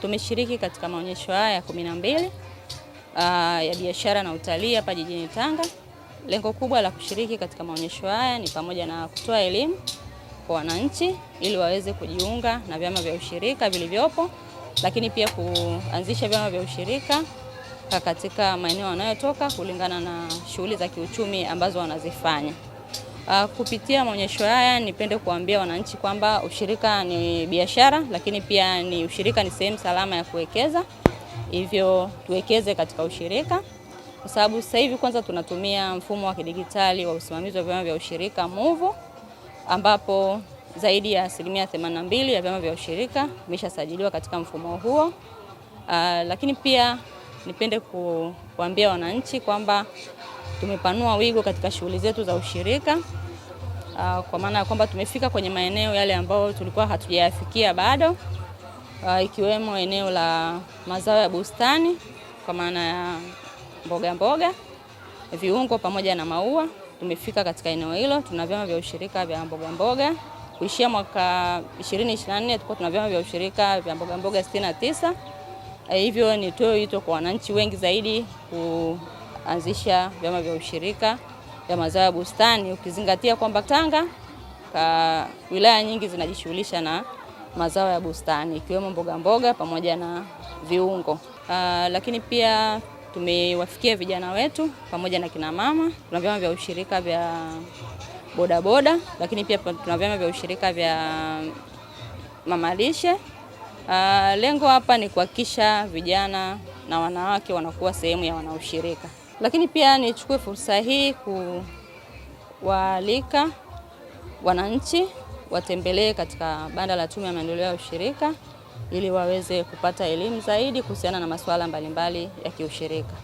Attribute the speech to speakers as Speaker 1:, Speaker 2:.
Speaker 1: Tumeshiriki katika maonyesho haya ya kumi na mbili uh, ya biashara na utalii hapa jijini Tanga. Lengo kubwa la kushiriki katika maonyesho haya ni pamoja na kutoa elimu kwa wananchi ili waweze kujiunga na vyama vya ushirika vilivyopo, lakini pia kuanzisha vyama vya ushirika katika maeneo wanayotoka kulingana na shughuli za kiuchumi ambazo wanazifanya. Uh, kupitia maonyesho haya nipende kuambia wananchi kwamba ushirika ni biashara, lakini pia ni ushirika ni sehemu salama ya kuwekeza, hivyo tuwekeze katika ushirika, kwa sababu sasa hivi kwanza tunatumia mfumo wa kidijitali wa usimamizi wa vyama vya ushirika MUVU, ambapo zaidi ya asilimia 82 ya vyama vya ushirika vimeshasajiliwa katika mfumo huo. Uh, lakini pia nipende kuambia wananchi kwamba tumepanua wigo katika shughuli zetu za ushirika uh, kwa maana ya kwamba tumefika kwenye maeneo yale ambayo tulikuwa hatujayafikia bado uh, ikiwemo eneo la mazao ya bustani kwa maana ya mboga mboga, viungo pamoja na maua. Tumefika katika eneo hilo, tuna vyama vya ushirika vya mboga mboga. Kuishia mwaka 2024 tulikuwa tuna vyama vya ushirika vya mboga mboga 69. Eh, hivyo nitoe wito kwa wananchi wengi zaidi kuanzisha vyama vya ushirika ya mazao ya bustani, ukizingatia kwamba Tanga ka wilaya nyingi zinajishughulisha na mazao ya bustani ikiwemo mboga mboga pamoja na viungo. Uh, lakini pia tumewafikia vijana wetu pamoja na kina mama. Tuna vyama vya ushirika vya bodaboda, lakini pia tuna vyama vya ushirika vya mamalishe. Uh, ah, lengo hapa ni kuhakikisha vijana na wanawake wanakuwa sehemu ya wanaushirika. Lakini pia nichukue fursa hii kuwaalika wananchi watembelee katika banda la Tume ya Maendeleo ya Ushirika ili waweze kupata elimu zaidi kuhusiana na masuala mbalimbali ya kiushirika.